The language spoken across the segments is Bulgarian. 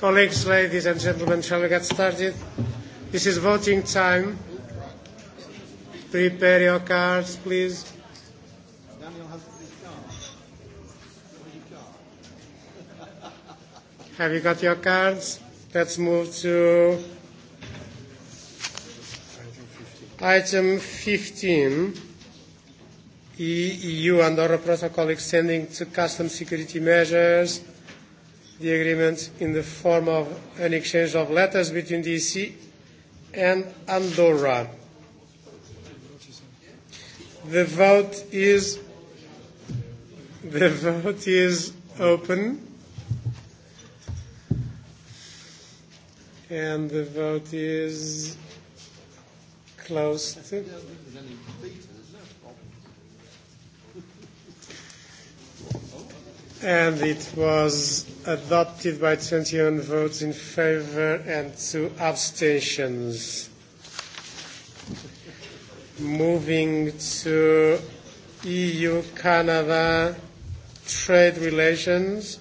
Colleagues, ladies and gentlemen, shall we get started? This is voting time. Prepare your cards, please. Have you got your cards? Let's move to item 15, EU and other protocol extending to custom security measures the agreement in the form of an exchange of letters between the EC and Andorra. The vote is the vote is open. And the vote is closed. and it was adopted by 21 votes in favor and two abstentions. Moving to EU-Canada trade relations.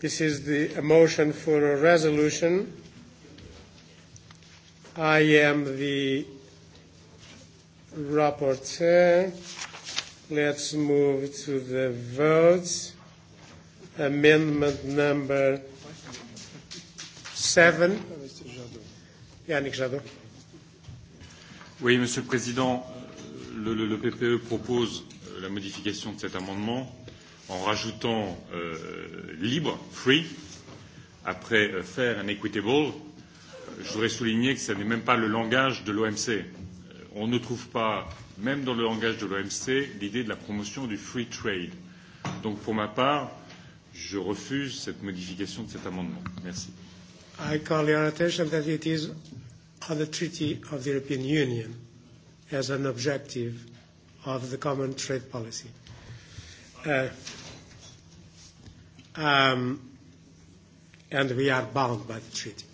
This is the a motion for a resolution. I am the rapporteur. Let's move to the votes. Amendment number seven. Yannick Jadot. Oui, Monsieur le Président, le, le, le PPE propose la modification de cet amendement en rajoutant euh, libre, free, après euh, fair and equitable. Je voudrais souligner que ce n'est même pas le langage de l'OMC. On ne trouve pas même dans le langage de l'OMC, l'idée de la promotion du free trade. Donc pour ma part, je refuse cette modification de cet amendement. Merci. I call your attention that it is on the Treaty of the European Union as an objective of the common trade policy. Uh, um, and we are bound by the treaty.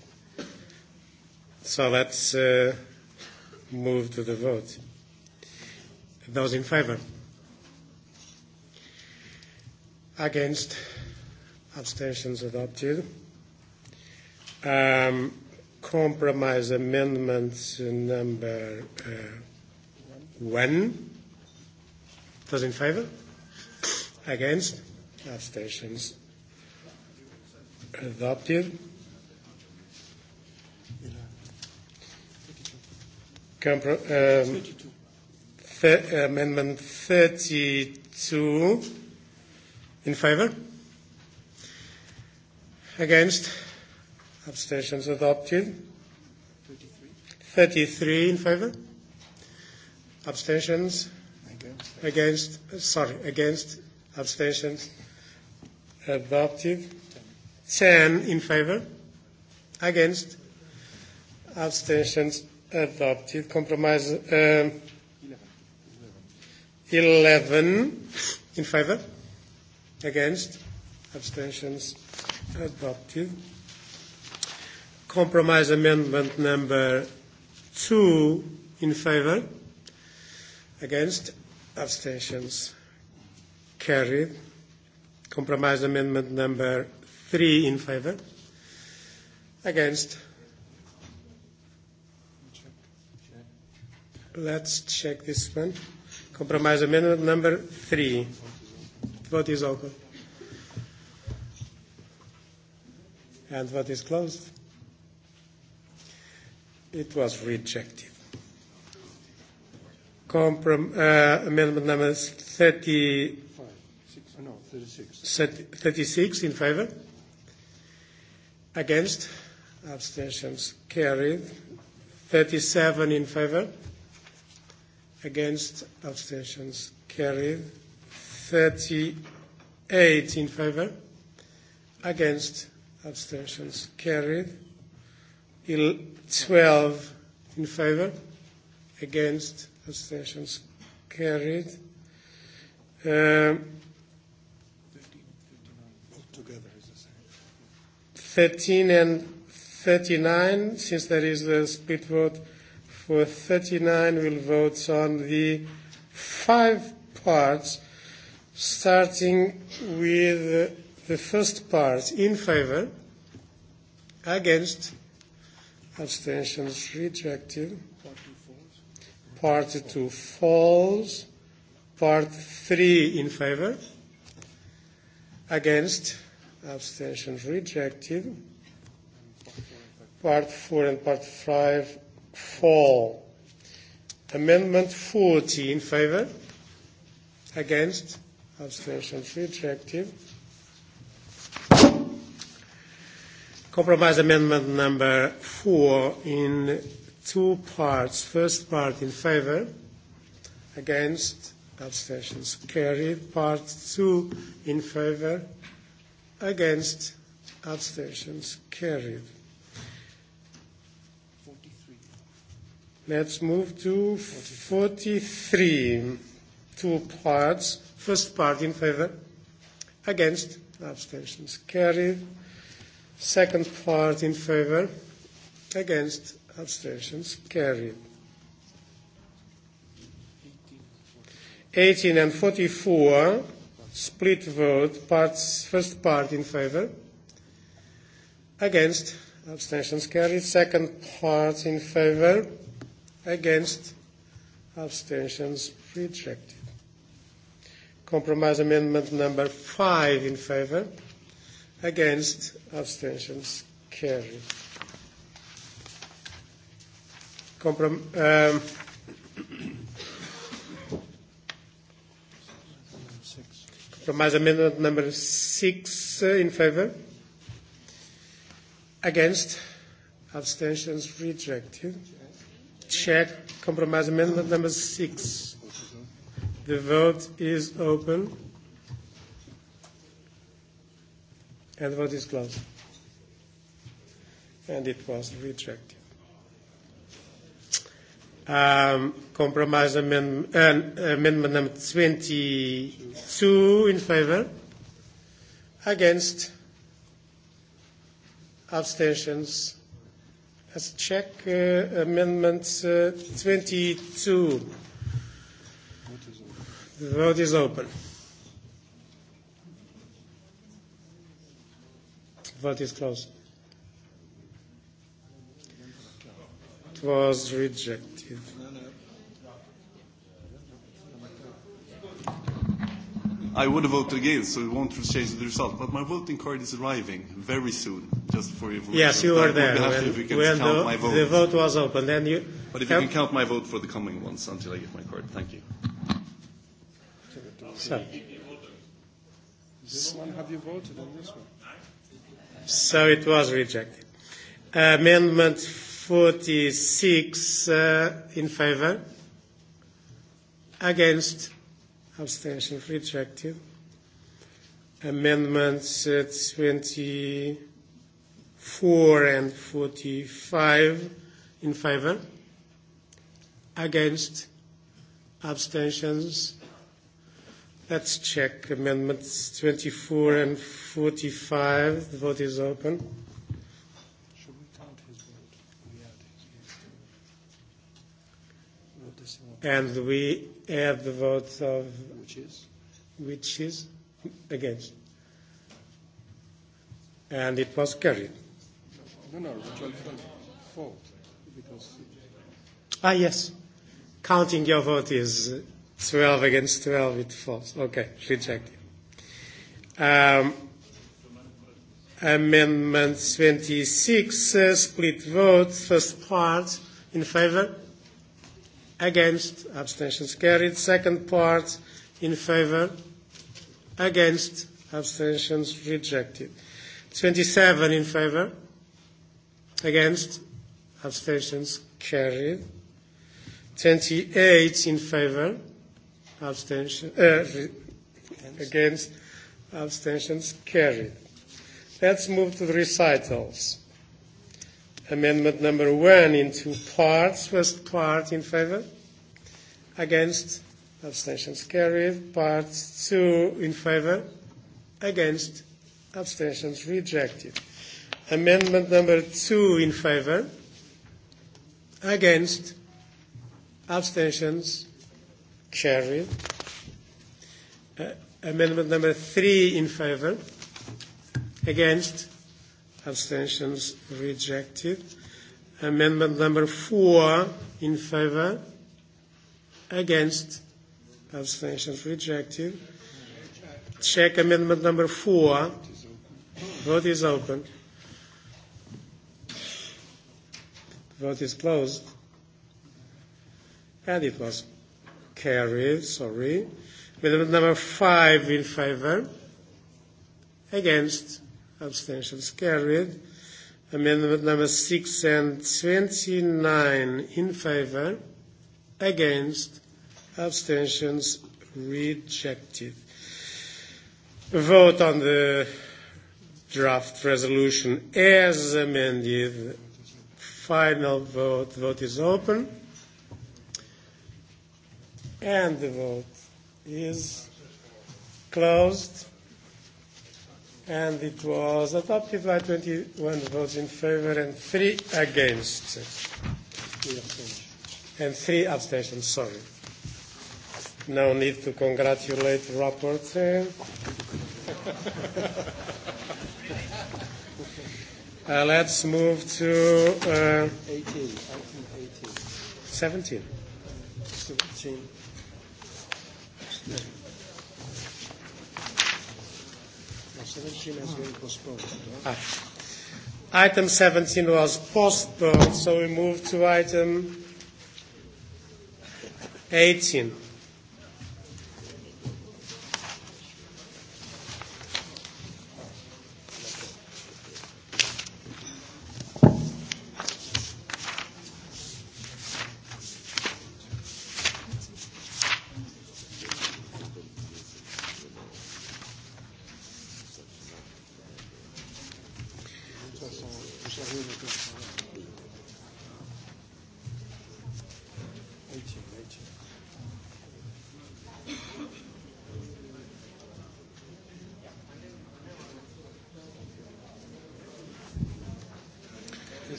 So let's uh, move to the vote. Those in favor? Against? Abstentions adopted. Um, compromise amendment number uh, one. Those in favor? Against? Abstentions adopted. Compro- um, th- Amendment 32. In favor? Against? Abstentions adopted. 33 in favor? Abstentions? Against? Against? Sorry, against? Abstentions? Adopted. 10 in favor? Against? Abstentions? Adopted. Compromise. Uh, 11 in favor, against, abstentions adopted. Compromise amendment number 2 in favor, against, abstentions carried. Compromise amendment number 3 in favor, against, Let's check this one. Compromise amendment number three. Vote is open. And vote is closed. It was rejected. Comprom- uh, amendment number 30, Five, six, no, 36. 36 in favor. Against. Abstentions carried. 37 in favor against abstentions carried 38 in favor against abstentions carried 12 in favor against abstentions carried um, 13 and 39 since there is the split vote for 39 will vote on the five parts, starting with the first part in favor, against, abstentions retracted. Part two falls. Part three in favor, against, abstentions retracted. Part four and part five fall. Amendment 40 in favor? Against? Abstentions rejected. Compromise amendment number 4 in two parts. First part in favor? Against? Abstentions carried. Part 2 in favor? Against? Abstentions carried. Let's move to 43. Two parts. First part in favor. Against. Abstentions carried. Second part in favor. Against. Abstentions carried. 18 and 44, split vote, parts, first part in favor. Against. Abstentions carried. Second part in favor Against? Abstentions rejected. Compromise amendment number five in favor. Against? Abstentions carried. Comprom- um, Compromise amendment number six in favor. Against? Abstentions rejected check compromise amendment number six. The vote is open. And the vote is closed. And it was rejected. Um, compromise amendment, uh, amendment number 22 in favor. Against. Abstentions Let's check uh, amendment uh, 22. The vote is open. The Vote is closed. It was rejected. I would have voted against, so it won't change the result. But my voting card is arriving very soon, just for your Yes, you were there. When, if you can count the, my vote. The vote was open. Then you but if you can count my vote for the coming ones until I get my card. Thank you. So, So it was rejected. Amendment 46 uh, in favour. Against abstention rejected. Amendments 24 and 45 in favor. Against abstentions. Let's check amendments 24 and 45. The vote is open. Should we count his vote? We his vote. And we have the votes of which is which is against. And it was carried. No, no, Rachel fault because. Ah yes, counting your vote is 12 against 12. It falls. Okay, rejected. Um, amendment 26, uh, split vote, first part in favor against, abstentions carried. Second part, in favor, against, abstentions rejected. 27 in favor, against, abstentions carried. 28 in favor, abstention, uh, against, abstentions carried. Let's move to the recitals amendment number one in two parts. First part in favor, against, abstentions carried. Part two in favor, against, abstentions rejected. Amendment number two in favor, against, abstentions carried. Uh, amendment number three in favor, against, abstentions rejected. Amendment number four in favor, against, abstentions rejected. Check amendment number four. Vote is open. Vote is closed. And it was carried, sorry. Amendment number five in favor, against, abstentions carried. Amendment number 6 and 29 in favor, against, abstentions rejected. Vote on the draft resolution as amended. Final vote. Vote is open. And the vote is closed and it was adopted by 21 votes in favor and three against. And three abstentions, sorry. No need to congratulate the rapporteur. uh, let's move to uh, 18, 18, 18. 17. 17. Item 17 was postponed, so we move to item 18. Let's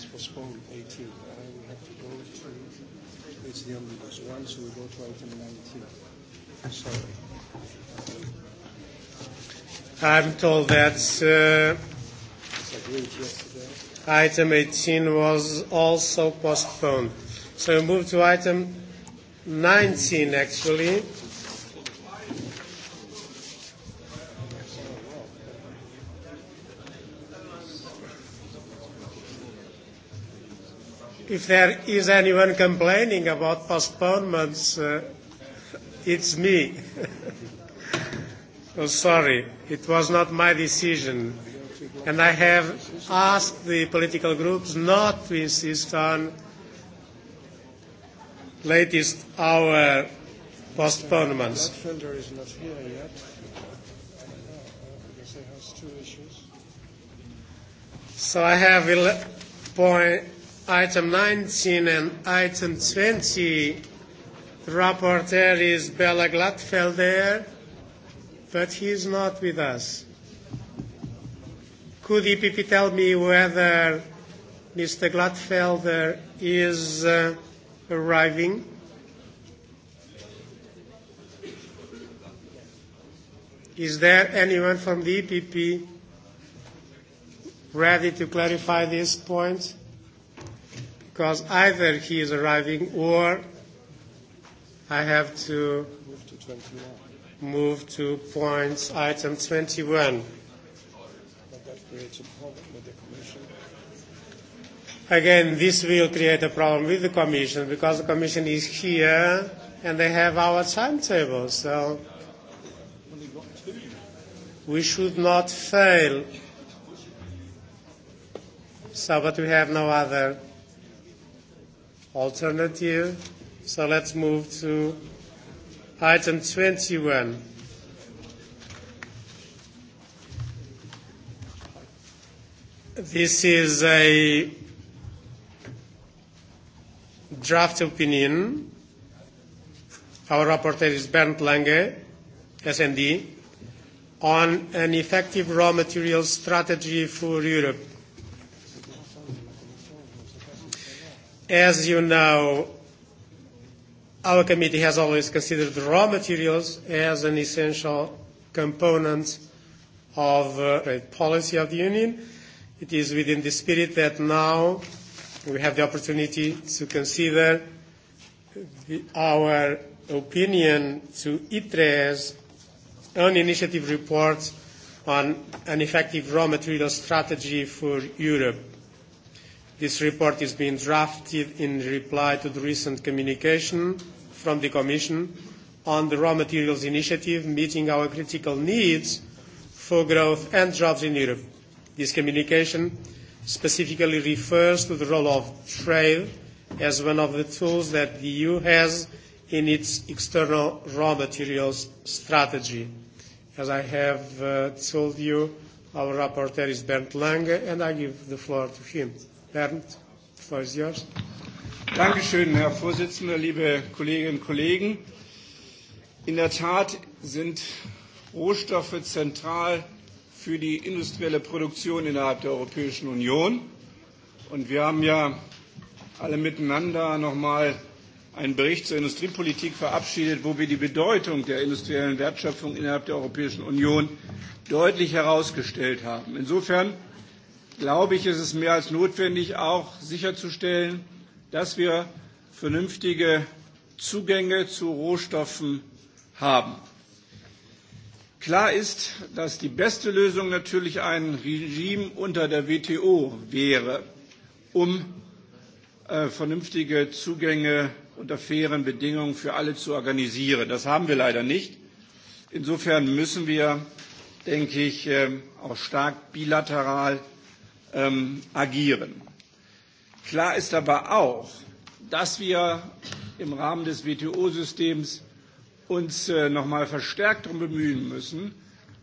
postpone 18. Uh, we have to go to, it's the omnibus one, so we go to item 19. Sorry. I'm told that's uh, it's agreed yesterday. Item 18 was also postponed. So we move to item 19 actually. If there is anyone complaining about postponements, uh, it's me. so sorry, it was not my decision and I have asked the political groups not to insist on latest hour postponements. is not here yet So I have point item 19 and item 20. The rapporteur is Bella Gladfelder, but he is not with us. Could EPP tell me whether Mr. Gladfelder is uh, arriving? Is there anyone from the EPP ready to clarify this point? Because either he is arriving or I have to move to points item 21 creates a problem with the Commission. Again, this will create a problem with the Commission because the Commission is here and they have our timetable. So we should not fail. So, but we have no other alternative. So let's move to item 21. This is a draft opinion. Our rapporteur is Bernd Lange, SND, on an effective raw material strategy for Europe. As you know, our committee has always considered raw materials as an essential component of uh, policy of the Union It is within the spirit that now we have the opportunity to consider our opinion to ITRE's own initiative report on an effective raw material strategy for Europe. This report is being drafted in reply to the recent communication from the Commission on the raw materials initiative meeting our critical needs for growth and jobs in Europe. This communication specifically refers to the role of trade as one of the tools that the EU has in its external raw materials strategy. As I have uh, told you, our rapporteur is Bernd Lange, and I give the floor to him. Bernd, the floor is yours. Dankeschön, Herr Vorsitzender, liebe Kolleginnen und Kollegen. In der Tat sind Rohstoffe zentral für die industrielle Produktion innerhalb der Europäischen Union. Und wir haben ja alle miteinander nochmal einen Bericht zur Industriepolitik verabschiedet, wo wir die Bedeutung der industriellen Wertschöpfung innerhalb der Europäischen Union deutlich herausgestellt haben. Insofern glaube ich, ist es mehr als notwendig, auch sicherzustellen, dass wir vernünftige Zugänge zu Rohstoffen haben. Klar ist, dass die beste Lösung natürlich ein Regime unter der WTO wäre, um vernünftige Zugänge unter fairen Bedingungen für alle zu organisieren. Das haben wir leider nicht. Insofern müssen wir, denke ich, auch stark bilateral agieren. Klar ist aber auch, dass wir im Rahmen des WTO-Systems uns noch mal verstärkt darum bemühen müssen,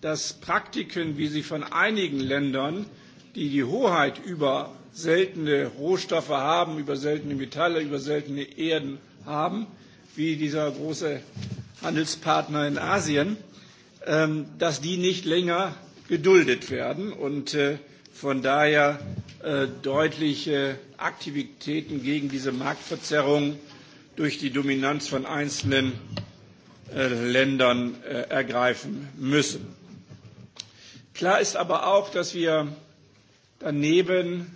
dass Praktiken, wie sie von einigen Ländern, die die Hoheit über seltene Rohstoffe haben, über seltene Metalle, über seltene Erden haben, wie dieser große Handelspartner in Asien, dass die nicht länger geduldet werden und von daher deutliche Aktivitäten gegen diese Marktverzerrung durch die Dominanz von einzelnen Ländern ergreifen müssen. Klar ist aber auch, dass wir daneben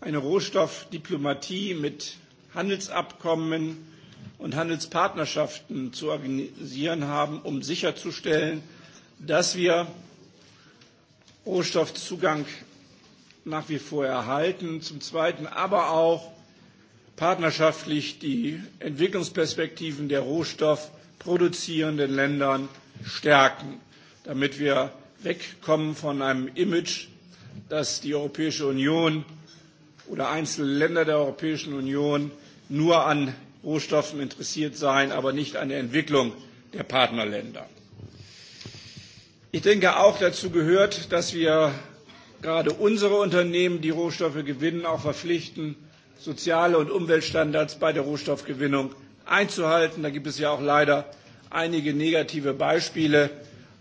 eine Rohstoffdiplomatie mit Handelsabkommen und Handelspartnerschaften zu organisieren haben, um sicherzustellen, dass wir Rohstoffzugang nach wie vor erhalten, zum Zweiten aber auch partnerschaftlich die Entwicklungsperspektiven der Rohstoff- produzierenden Ländern stärken, damit wir wegkommen von einem Image, dass die Europäische Union oder einzelne Länder der Europäischen Union nur an Rohstoffen interessiert seien, aber nicht an der Entwicklung der Partnerländer. Ich denke auch dazu gehört, dass wir gerade unsere Unternehmen, die Rohstoffe gewinnen, auch verpflichten, soziale und Umweltstandards bei der Rohstoffgewinnung einzuhalten. Da gibt es ja auch leider einige negative Beispiele,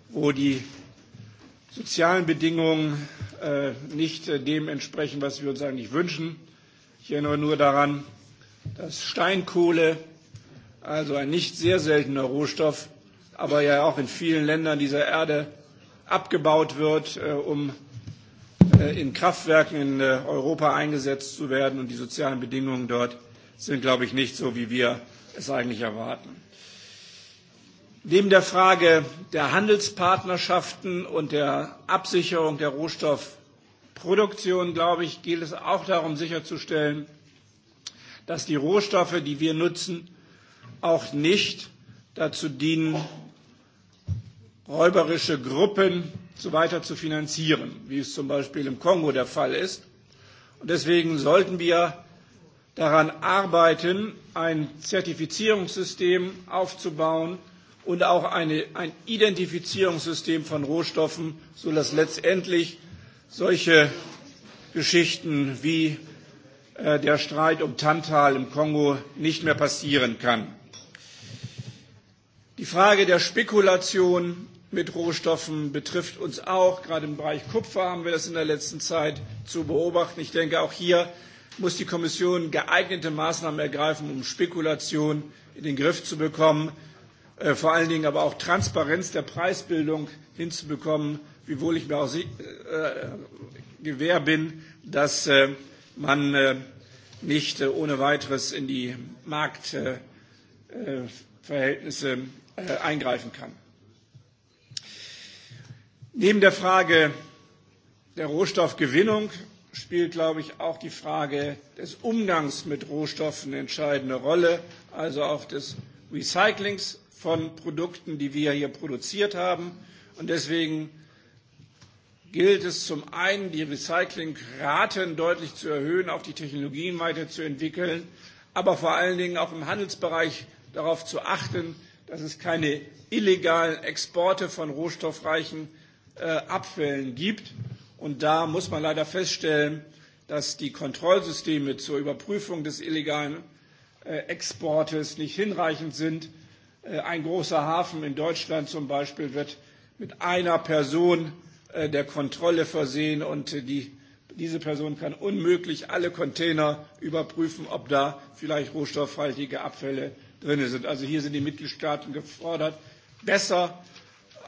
wo die sozialen Bedingungen nicht dem entsprechen, was wir uns eigentlich wünschen. Ich erinnere nur daran, dass Steinkohle, also ein nicht sehr seltener Rohstoff, aber ja auch in vielen Ländern dieser Erde abgebaut wird, um in Kraftwerken in Europa eingesetzt zu werden. Und die sozialen Bedingungen dort sind, glaube ich, nicht so, wie wir es eigentlich erwarten. Neben der Frage der Handelspartnerschaften und der Absicherung der Rohstoffproduktion, glaube ich, geht es auch darum sicherzustellen, dass die Rohstoffe, die wir nutzen, auch nicht dazu dienen, räuberische Gruppen so weiter zu finanzieren, wie es zum Beispiel im Kongo der Fall ist. Und deswegen sollten wir daran arbeiten, ein Zertifizierungssystem aufzubauen und auch eine, ein Identifizierungssystem von Rohstoffen, sodass letztendlich solche Geschichten wie der Streit um Tantal im Kongo nicht mehr passieren kann. Die Frage der Spekulation mit Rohstoffen betrifft uns auch. Gerade im Bereich Kupfer haben wir das in der letzten Zeit zu beobachten. Ich denke, auch hier muss die Kommission geeignete Maßnahmen ergreifen, um Spekulation in den Griff zu bekommen, vor allen Dingen aber auch Transparenz der Preisbildung hinzubekommen, wiewohl ich mir auch gewähr bin, dass man nicht ohne weiteres in die Marktverhältnisse eingreifen kann. Neben der Frage der Rohstoffgewinnung spielt, glaube ich, auch die Frage des Umgangs mit Rohstoffen eine entscheidende Rolle, also auch des Recyclings von Produkten, die wir hier produziert haben. Und deswegen gilt es zum einen, die Recyclingraten deutlich zu erhöhen, auch die Technologien weiterzuentwickeln, aber vor allen Dingen auch im Handelsbereich darauf zu achten, dass es keine illegalen Exporte von rohstoffreichen Abfällen gibt. Und da muss man leider feststellen, dass die Kontrollsysteme zur Überprüfung des illegalen Exportes nicht hinreichend sind. Ein großer Hafen in Deutschland zum Beispiel wird mit einer Person der Kontrolle versehen und die, diese Person kann unmöglich alle Container überprüfen, ob da vielleicht rohstoffhaltige Abfälle drin sind. Also hier sind die Mitgliedstaaten gefordert, besser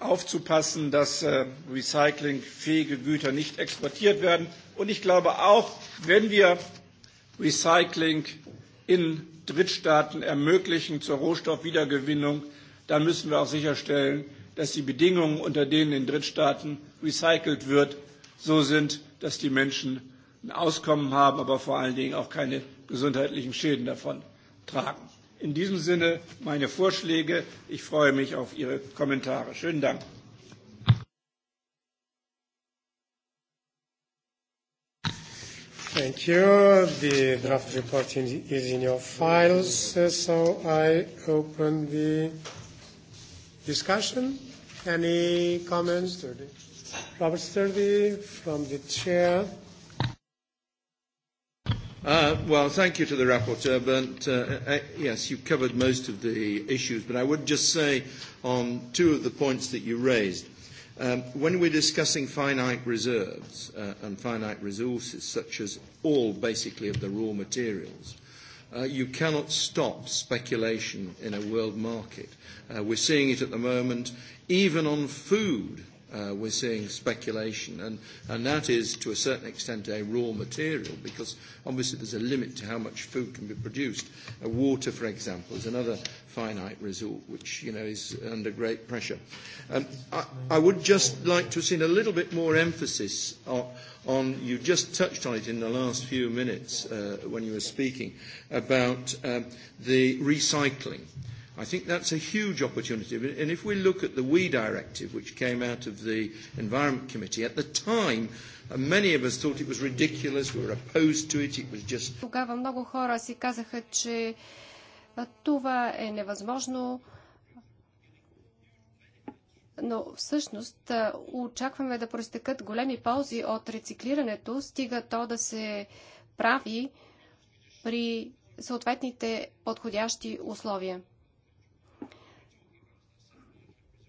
aufzupassen, dass recyclingfähige Güter nicht exportiert werden. Und ich glaube auch, wenn wir Recycling in Drittstaaten ermöglichen zur Rohstoffwiedergewinnung, dann müssen wir auch sicherstellen, dass die Bedingungen, unter denen in Drittstaaten recycelt wird, so sind, dass die Menschen ein Auskommen haben, aber vor allen Dingen auch keine gesundheitlichen Schäden davon tragen. In diesem Sinne meine Vorschläge. Ich freue mich auf Ihre Kommentare. Schönen Dank. Thank you. The draft report is in your files, so I open the discussion. Any comments? Robert Sturdy from the chair. Uh, well, thank you to the rapporteur, Bernd. Uh, yes, you've covered most of the issues, but I would just say on two of the points that you raised. Um, when we're discussing finite reserves uh, and finite resources, such as all basically of the raw materials, uh, you cannot stop speculation in a world market. Uh, we're seeing it at the moment, even on food uh, we're seeing speculation, and, and that is to a certain extent a raw material because obviously there's a limit to how much food can be produced. Uh, water, for example, is another finite resource which you know is under great pressure. Um, I, I would just like to have seen a little bit more emphasis on, on you just touched on it in the last few minutes uh, when you were speaking about um, the recycling. Uh, I think that's a huge opportunity. And if we look at the WE directive, which came out of the Environment Committee, at the time, many of us thought it was ridiculous, we were opposed to it, it was just... Тогава много хора си казаха, че това е невъзможно, но всъщност очакваме да проистекат големи ползи от рециклирането, стига то да се прави при съответните подходящи условия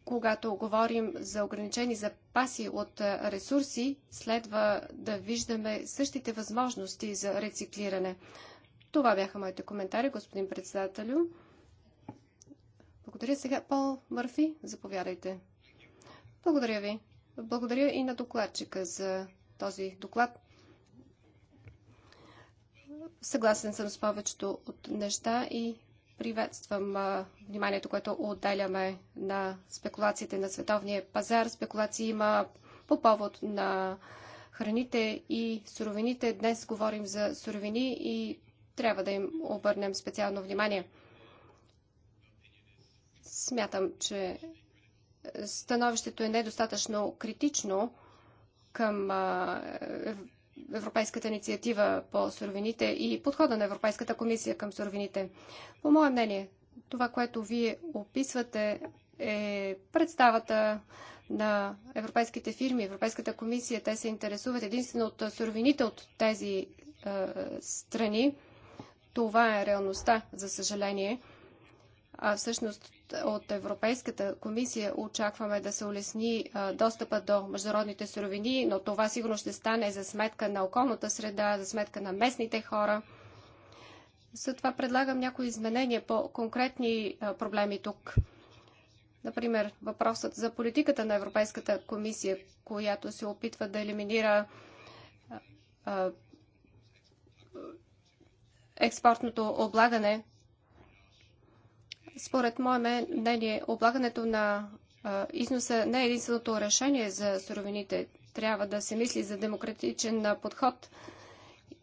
когато говорим за ограничени запаси от ресурси, следва да виждаме същите възможности за рециклиране. Това бяха моите коментари, господин председателю. Благодаря сега. Пол Мърфи, заповядайте. Благодаря ви. Благодаря и на докладчика за този доклад. Съгласен съм с повечето от неща и Приветствам вниманието, което отделяме на спекулациите на световния пазар. Спекулации има по повод на храните и суровините. Днес говорим за суровини и трябва да им обърнем специално внимание. Смятам, че становището е недостатъчно критично към Европейската инициатива по суровините и подхода на Европейската комисия към суровините. По мое мнение, това, което вие описвате е представата на европейските фирми, Европейската комисия. Те се интересуват единствено от суровините от тези е, страни. Това е реалността, за съжаление. А, всъщност от Европейската комисия очакваме да се улесни достъпа до международните суровини, но това сигурно ще стане за сметка на околната среда, за сметка на местните хора. това предлагам някои изменения по конкретни проблеми тук. Например, въпросът за политиката на Европейската комисия, която се опитва да елиминира експортното облагане според мое мнение, облагането на износа не е единственото решение за суровините. Трябва да се мисли за демократичен подход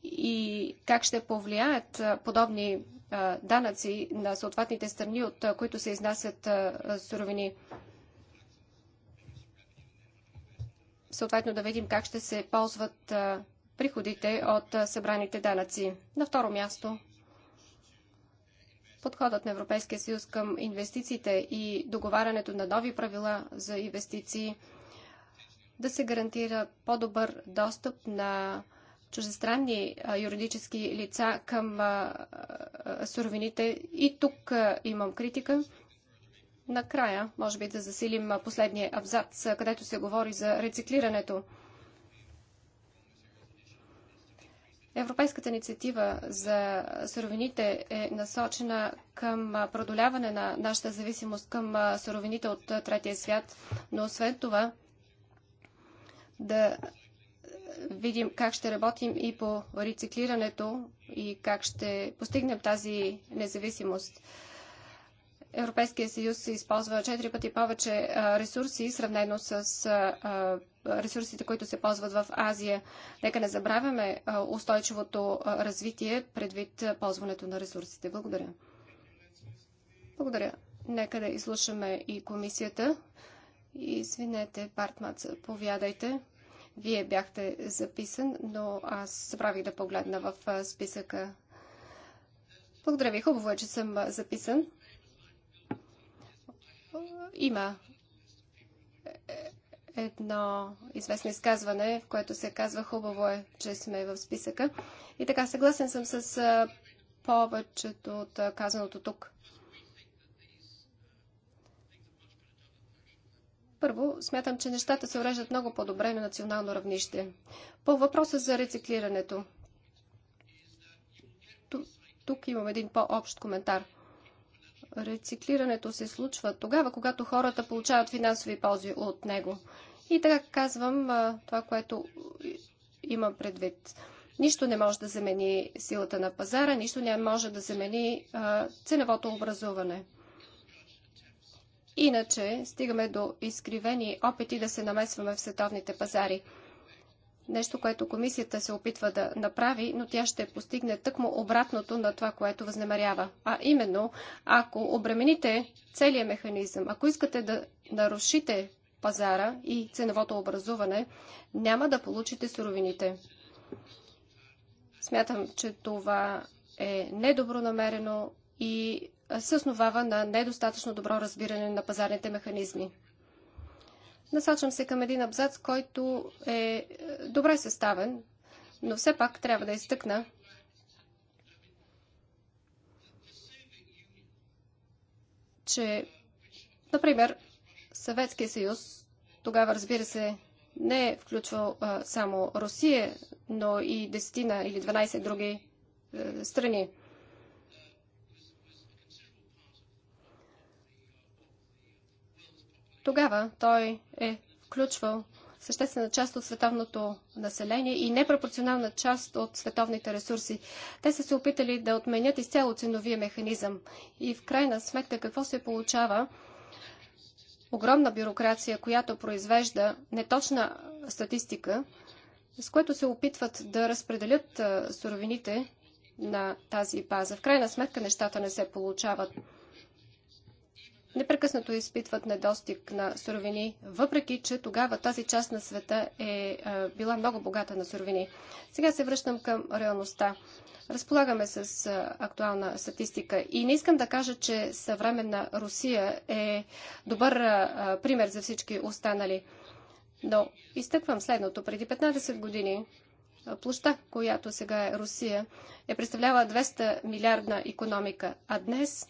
и как ще повлияят подобни данъци на съответните страни, от които се изнасят суровини. Съответно да видим как ще се ползват приходите от събраните данъци. На второ място – Подходът на Европейския съюз към инвестициите и договарянето на нови правила за инвестиции да се гарантира по-добър достъп на чуждестранни юридически лица към суровините. И тук имам критика. Накрая, може би да засилим последния абзац, където се говори за рециклирането. Европейската инициатива за суровините е насочена към продоляване на нашата зависимост към суровините от третия свят, но освен това да видим как ще работим и по рециклирането и как ще постигнем тази независимост. Европейския съюз използва 4 пъти повече ресурси, сравнено с ресурсите, които се ползват в Азия. Нека не забравяме устойчивото развитие предвид ползването на ресурсите. Благодаря. Благодаря. Нека да изслушаме и комисията. Извинете, Партмац, повядайте. Вие бяхте записан, но аз забравих да погледна в списъка. Благодаря ви. Хубаво е, че съм записан. Има едно известно изказване, в което се казва хубаво е, че сме в списъка. И така, съгласен съм с повечето от казаното тук. Първо, смятам, че нещата се уреждат много по-добре на национално равнище. По въпроса за рециклирането. Тук имам един по-общ коментар – рециклирането се случва тогава, когато хората получават финансови ползи от него. И така казвам това, което имам предвид. Нищо не може да замени силата на пазара, нищо не може да замени ценовото образуване. Иначе стигаме до изкривени опити да се намесваме в световните пазари. Нещо, което комисията се опитва да направи, но тя ще постигне тъкмо обратното на това, което възнамерява. А именно, ако обремените целият механизъм, ако искате да нарушите пазара и ценовото образуване, няма да получите суровините. Смятам, че това е недобронамерено и се основава на недостатъчно добро разбиране на пазарните механизми. Насочвам се към един абзац, който е, е добре съставен, но все пак трябва да изтъкна, че, например, Съветския съюз тогава, разбира се, не е включвал само Русия, но и десетина или 12 други е, страни. Тогава той е включвал съществена част от световното население и непропорционална част от световните ресурси. Те са се опитали да отменят изцяло ценовия механизъм. И в крайна сметка какво се получава? Огромна бюрокрация, която произвежда неточна статистика, с което се опитват да разпределят суровините на тази база. В крайна сметка нещата не се получават непрекъснато изпитват недостиг на суровини, въпреки че тогава тази част на света е, е била много богата на суровини. Сега се връщам към реалността. Разполагаме с е, актуална статистика и не искам да кажа, че съвременна Русия е добър е, пример за всички останали. Но изтъквам следното. Преди 15 години площа, която сега е Русия, е представлява 200 милиардна економика, а днес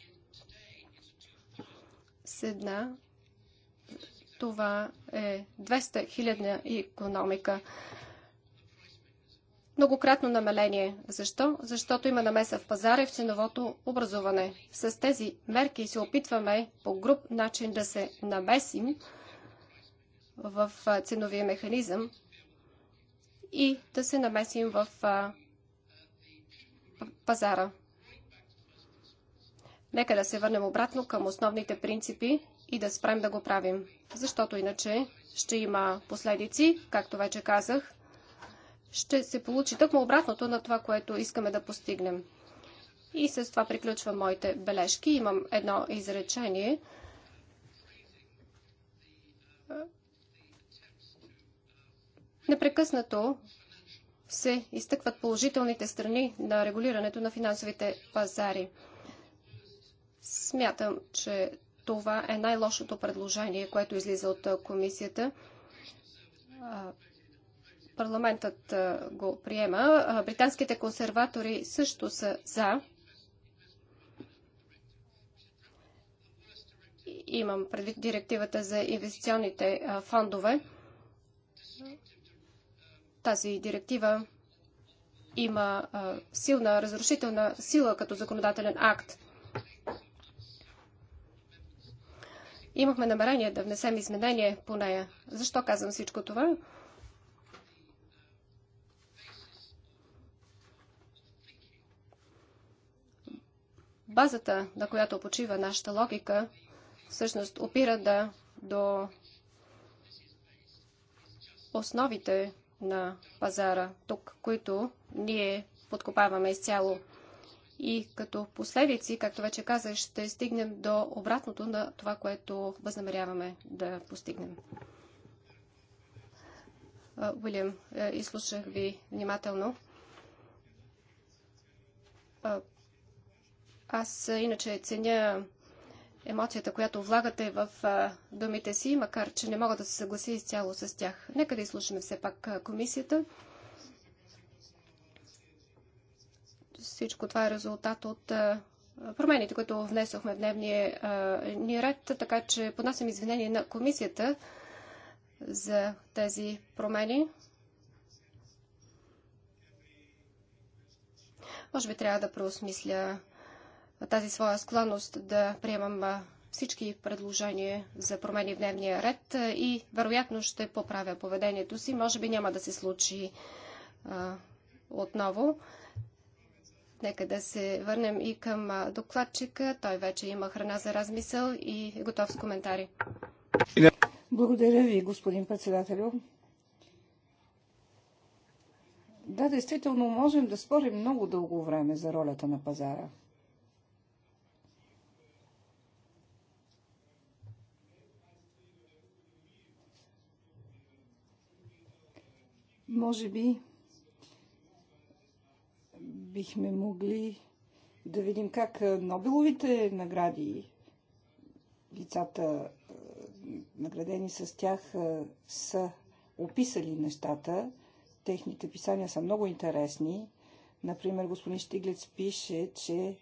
с една това е 200 хилядна економика. Многократно намаление. Защо? Защото има намеса в пазара и в ценовото образуване. С тези мерки се опитваме по груп начин да се намесим в ценовия механизъм и да се намесим в пазара. Нека да се върнем обратно към основните принципи и да спрем да го правим, защото иначе ще има последици, както вече казах. Ще се получи тъкмо обратното на това, което искаме да постигнем. И с това приключвам моите бележки. Имам едно изречение. Непрекъснато се изтъкват положителните страни на регулирането на финансовите пазари. Смятам, че това е най-лошото предложение, което излиза от комисията. Парламентът го приема. Британските консерватори също са за. Имам предвид директивата за инвестиционните фондове. Тази директива има силна разрушителна сила като законодателен акт. Имахме намерение да внесем изменение по нея. Защо казвам всичко това? Базата, на която почива нашата логика, всъщност опира да до основите на пазара тук, които ние подкопаваме изцяло и като последици, както вече казах, ще стигнем до обратното на това, което възнамеряваме да постигнем. Уилям, е, изслушах ви внимателно. Аз иначе ценя емоцията, която влагате в думите си, макар че не мога да се съглася изцяло с тях. Нека да изслушаме все пак комисията. Всичко това е резултат от е, промените, които внесохме в дневния е, ни ред, така че поднасям извинение на комисията за тези промени. Може би трябва да преосмисля тази своя склонност да приемам е, всички предложения за промени в дневния ред и вероятно ще поправя поведението си. Може би няма да се случи а, отново. Нека да се върнем и към докладчика. Той вече има храна за размисъл и е готов с коментари. Благодаря ви, господин председателю. Да, действително можем да спорим много дълго време за ролята на пазара. Може би бихме могли да видим как Нобеловите награди, лицата наградени с тях, са описали нещата. Техните писания са много интересни. Например, господин Штиглец пише, че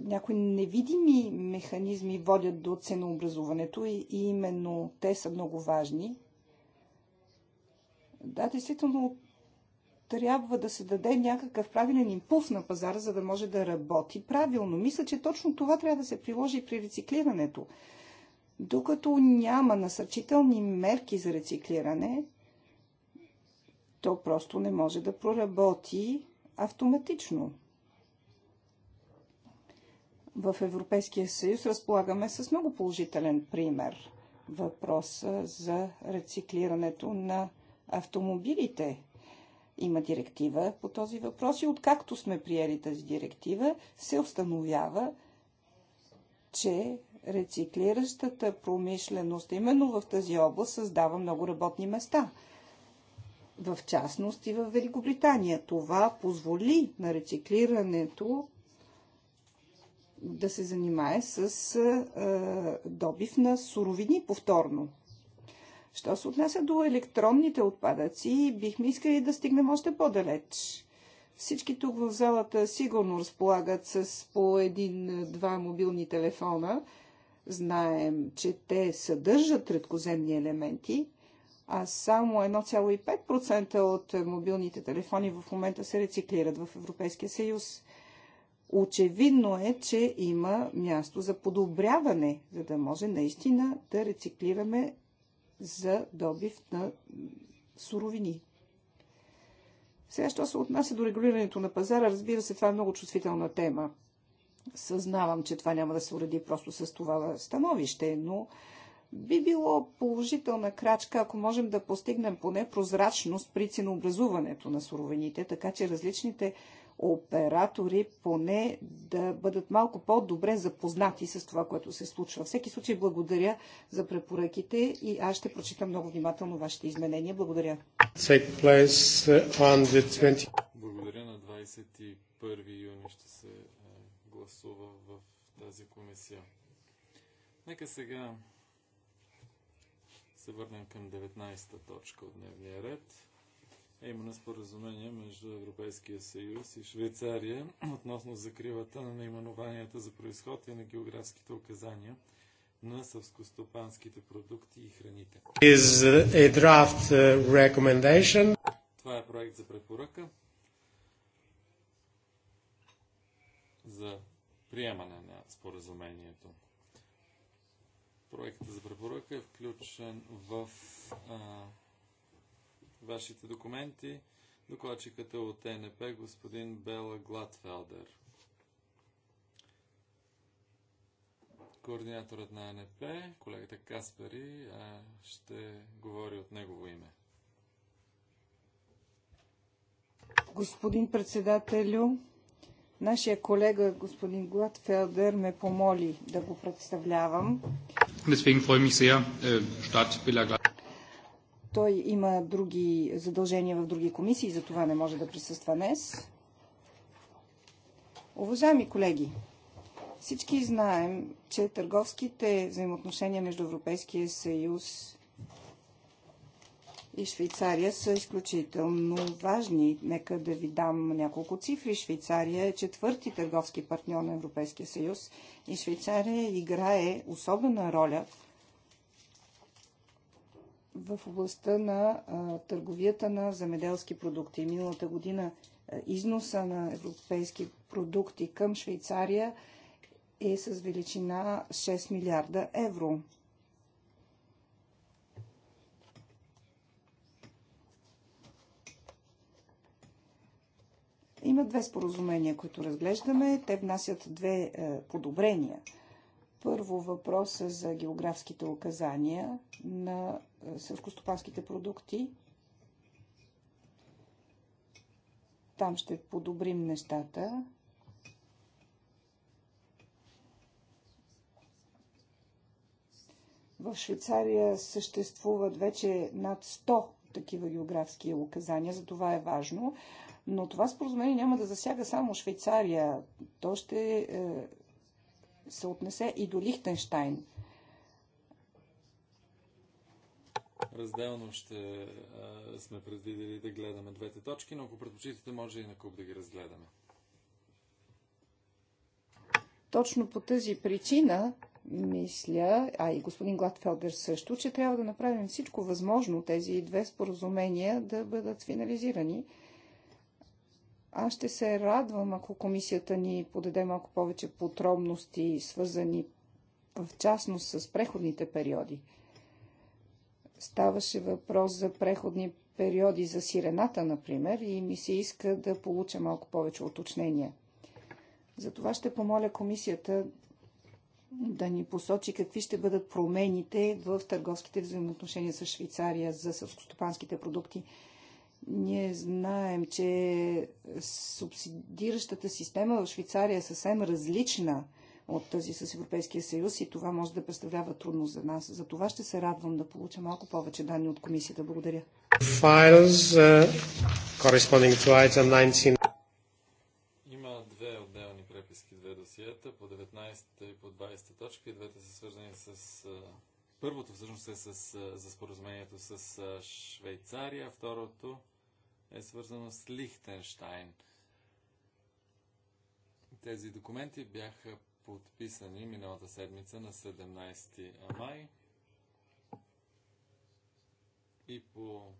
някои невидими механизми водят до ценообразуването и именно те са много важни. Да, действително, трябва да се даде някакъв правилен импулс на пазара, за да може да работи правилно. Мисля, че точно това трябва да се приложи при рециклирането. Докато няма насърчителни мерки за рециклиране, то просто не може да проработи автоматично. В Европейския съюз разполагаме с много положителен пример. Въпроса за рециклирането на автомобилите. Има директива по този въпрос и откакто сме приели тази директива, се установява, че рециклиращата промишленост именно в тази област създава много работни места. В частност и в Великобритания. Това позволи на рециклирането да се занимае с добив на суровини повторно. Що се отнася до електронните отпадъци, бихме искали да стигнем още по-далеч. Всички тук в залата сигурно разполагат с по един-два мобилни телефона. Знаем, че те съдържат редкоземни елементи, а само 1,5% от мобилните телефони в момента се рециклират в Европейския съюз. Очевидно е, че има място за подобряване, за да може наистина да рециклираме за добив на суровини. Сега, що се отнася до регулирането на пазара, разбира се, това е много чувствителна тема. Съзнавам, че това няма да се уреди просто с това становище, но би било положителна крачка, ако можем да постигнем поне прозрачност при ценообразуването на суровините, така че различните оператори поне да бъдат малко по-добре запознати с това, което се случва. Всеки случай благодаря за препоръките и аз ще прочитам много внимателно вашите изменения. Благодаря. Uh, благодаря на 21 юни ще се е, гласува в тази комисия. Нека сега се върнем към 19-та точка от дневния ред е именно споразумение между Европейския съюз и Швейцария относно закривата на наименованията за происход и на географските указания на съвскостопанските продукти и храните. Uh, Това е проект за препоръка за приемане на споразумението. Проектът за препоръка е включен в а, вашите документи. Докладчикът е от ЕНП, господин Бела Гладфелдер. Координаторът на НП, колегата Каспари, ще говори от негово име. Господин председателю, Нашия колега господин Гладфелдер ме помоли да го представлявам. Deswegen freue mich sehr, äh, Stadt той има други задължения в други комисии, за това не може да присъства днес. Уважаеми колеги, всички знаем, че търговските взаимоотношения между Европейския съюз и Швейцария са изключително важни. Нека да ви дам няколко цифри. Швейцария е четвърти търговски партньор на Европейския съюз и Швейцария играе особена роля в в областта на а, търговията на земеделски продукти. Миналата година а, износа на европейски продукти към Швейцария е с величина 6 милиарда евро. Има две споразумения, които разглеждаме. Те внасят две е, подобрения – първо въпроса за географските указания на е, селскостопанските продукти. Там ще подобрим нещата. В Швейцария съществуват вече над 100 такива географски указания, за това е важно. Но това споразумение няма да засяга само Швейцария. То ще е, се отнесе и до Лихтенштайн. Разделно ще а, сме предвидели да гледаме двете точки, но ако предпочитате, може и на куп да ги разгледаме. Точно по тази причина мисля, а и господин Гладфелдер също, че трябва да направим всичко възможно тези две споразумения да бъдат финализирани аз ще се радвам, ако комисията ни подаде малко повече подробности, свързани в частност с преходните периоди. Ставаше въпрос за преходни периоди за сирената, например, и ми се иска да получа малко повече уточнения. Затова ще помоля комисията да ни посочи какви ще бъдат промените в търговските взаимоотношения с Швейцария за сълскостопанските продукти. Ние знаем, че субсидиращата система в Швейцария е съвсем различна от тази с Европейския съюз и това може да представлява трудно за нас. За това ще се радвам да получа малко повече данни от комисията. Благодаря. Files, uh, corresponding to item 19. Има две отделни преписки, две досиета, по 19 и по 20 точка и двете са свързани с... първото всъщност е с, за споразумението с Швейцария, второто е свързано с Лихтенштайн. Тези документи бяха подписани миналата седмица на 17 май и по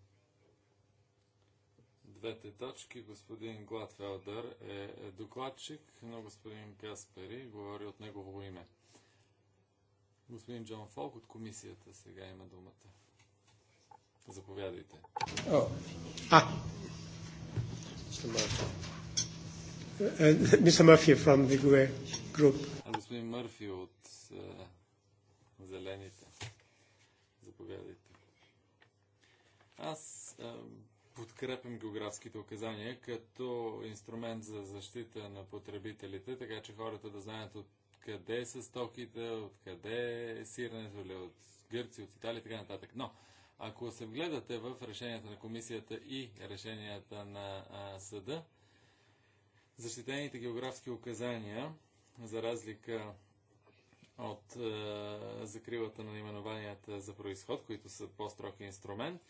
двете точки господин Гладфелдър е докладчик, но господин Каспери говори от негово име. Господин Джон Фолк от комисията сега има думата. Заповядайте. Oh. Ah. Mr. Murphy. Uh, Mr. А господин Мърфи от uh, Зелените. Заповядайте. Аз uh, подкрепям географските указания като инструмент за защита на потребителите, така че хората да знаят от къде са стоките, от къде е сирането или от Гърция, от Италия и така нататък. Но ако се вгледате в решенията на комисията и решенията на съда, защитените географски указания, за разлика от закривата на наименованията за происход, които са по-строг инструмент,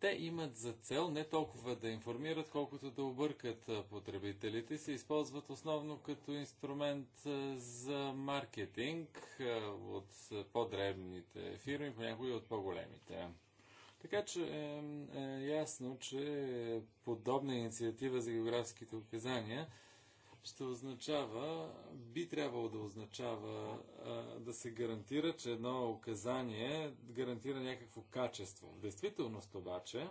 те имат за цел не толкова да информират, колкото да объркат потребителите се използват основно като инструмент за маркетинг от по-дребните фирми, понякога и от по-големите. Така че е, е ясно, че подобна инициатива за географските указания – ще означава, би трябвало да означава а, да се гарантира, че едно указание гарантира някакво качество. В действителност обаче,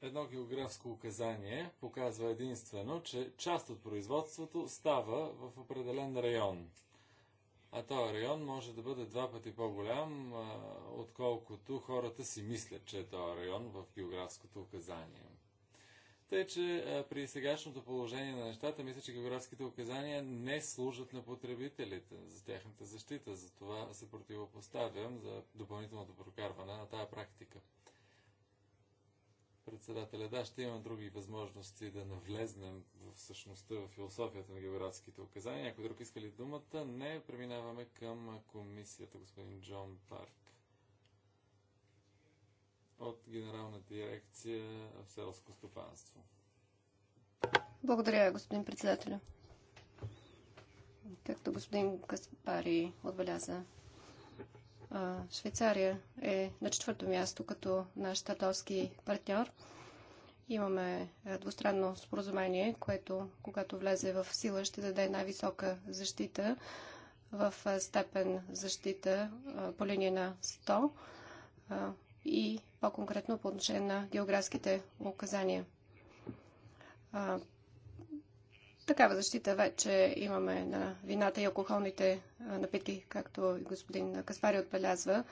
едно географско указание показва единствено, че част от производството става в определен район. А този район може да бъде два пъти по-голям, отколкото хората си мислят, че е този район в географското указание. Тъй, е, че при сегашното положение на нещата, мисля, че географските указания не служат на потребителите за тяхната защита. Затова се противопоставям за допълнителното прокарване на тая практика. Председателя, да, ще имам други възможности да навлезнем в същността, в философията на географските указания. Ако друг искали думата? Не. Преминаваме към комисията, господин Джон Парк от Генерална дирекция в селско стопанство. Благодаря, господин председателя. Както господин Каспари отбеляза, Швейцария е на четвърто място като наш търговски партньор. Имаме двустранно споразумение, което, когато влезе в сила, ще даде най-висока защита в степен защита по линия на 100 и по-конкретно по отношение на географските указания. А, такава защита вече имаме на вината и алкохолните напитки, както и господин Каспари отбелязва.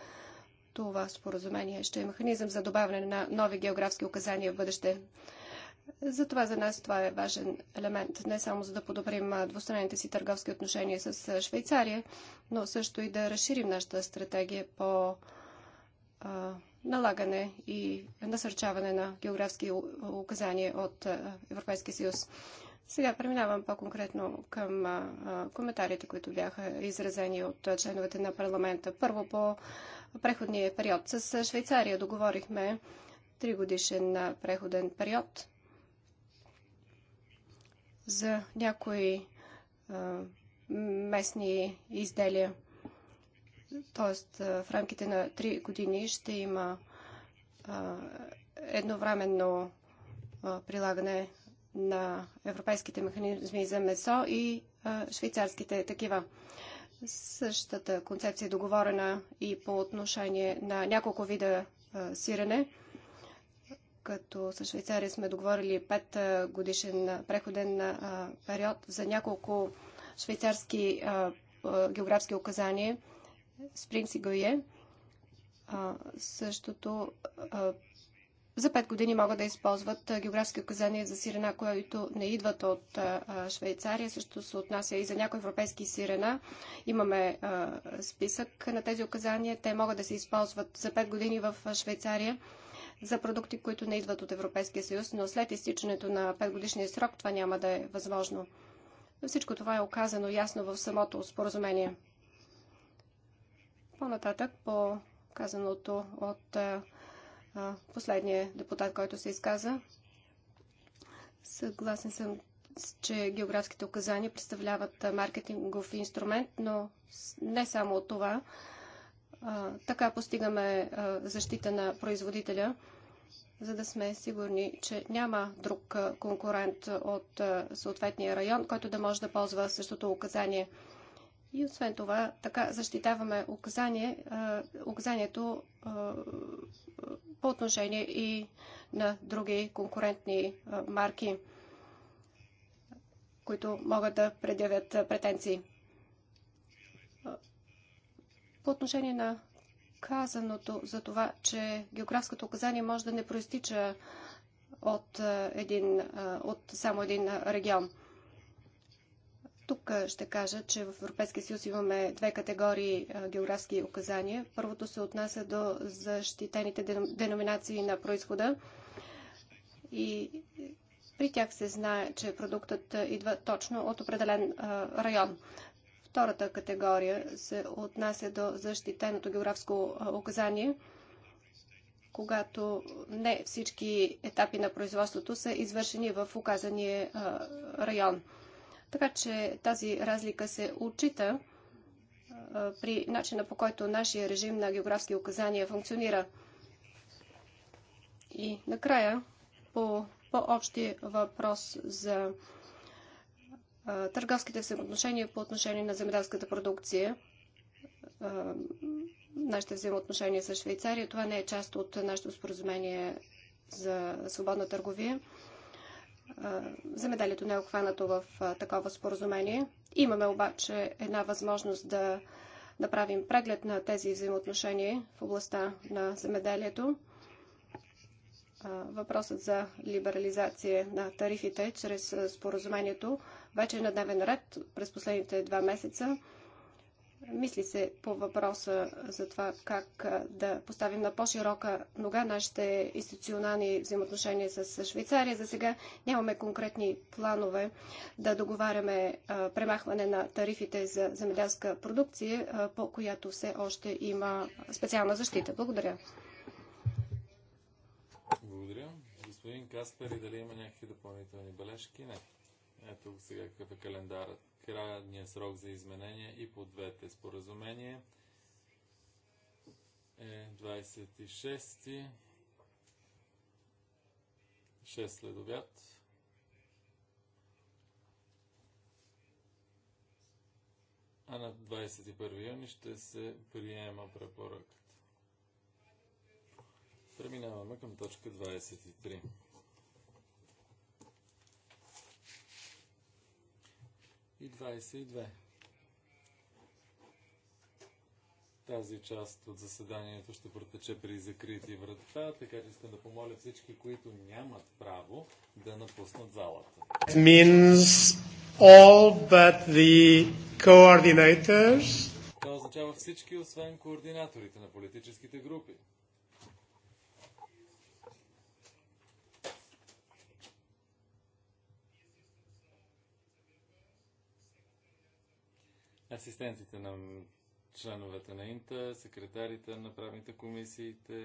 Това споразумение ще е механизъм за добавяне на нови географски указания в бъдеще. Затова за нас това е важен елемент, не само за да подобрим двустранните си търговски отношения с Швейцария, но също и да разширим нашата стратегия по а, налагане и насърчаване на географски указания от Европейския съюз. Сега преминавам по-конкретно към коментарите, които бяха изразени от членовете на парламента. Първо по преходния период. С Швейцария договорихме тригодишен преходен период за някои местни изделия. Т.е. в рамките на 3 години ще има едновременно прилагане на европейските механизми за месо и швейцарските такива. Същата концепция е договорена и по отношение на няколко вида сирене, като с Швейцария сме договорили 5 годишен преходен период за няколко швейцарски географски указания – Спринг принцип го е. А, същото а, за 5 години могат да използват географски указания за сирена, които не идват от Швейцария. Също се отнася и за някои европейски сирена. Имаме списък на тези указания. Те могат да се използват за 5 години в Швейцария за продукти, които не идват от Европейския съюз, но след изтичането на 5 годишния срок това няма да е възможно. Всичко това е оказано ясно в самото споразумение. По-нататък, по казаното от е, е, последния депутат, който се изказа, съгласен съм, че географските указания представляват маркетингов инструмент, но не само от това. Е, така постигаме защита на производителя, за да сме сигурни, че няма друг конкурент от съответния район, който да може да ползва същото указание – и освен това, така защитаваме указание, указанието по отношение и на други конкурентни марки, които могат да предявят претенции. По отношение на казаното за това, че географското указание може да не проистича от, един, от само един регион – тук ще кажа, че в Европейския съюз имаме две категории географски указания. Първото се отнася до защитените деноминации на происхода и при тях се знае, че продуктът идва точно от определен район. Втората категория се отнася до защитеното географско указание, когато не всички етапи на производството са извършени в указания район. Така че тази разлика се отчита при начина по който нашия режим на географски указания функционира. И накрая, по по-общи въпрос за търговските взаимоотношения по отношение на земеделската продукция, нашите взаимоотношения с Швейцария, това не е част от нашето споразумение за свободна търговия земеделието не е обхванато в такова споразумение. Имаме обаче една възможност да направим преглед на тези взаимоотношения в областта на земеделието. Въпросът за либерализация на тарифите чрез споразумението вече е на дневен ред през последните два месеца. Мисли се по въпроса за това как да поставим на по-широка нога нашите институционални взаимоотношения с Швейцария. За сега нямаме конкретни планове да договаряме премахване на тарифите за земеделска продукция, по която все още има специална защита. Благодаря. Благодаря. Господин Каспер, и дали има някакви допълнителни бележки? Не. Ето сега какъв е календарът крайния срок за изменение и по двете споразумения е 26 6 следобят. а на 21 юни ще се приема препоръката. Преминаваме към точка 23. и 22. Тази част от заседанието ще протече при закрити врата, така че искам да помоля всички, които нямат право, да напуснат залата. It means all but the coordinators. Това означава всички, освен координаторите на политическите групи. асистентите на членовете на Инта, секретарите на правните комисиите,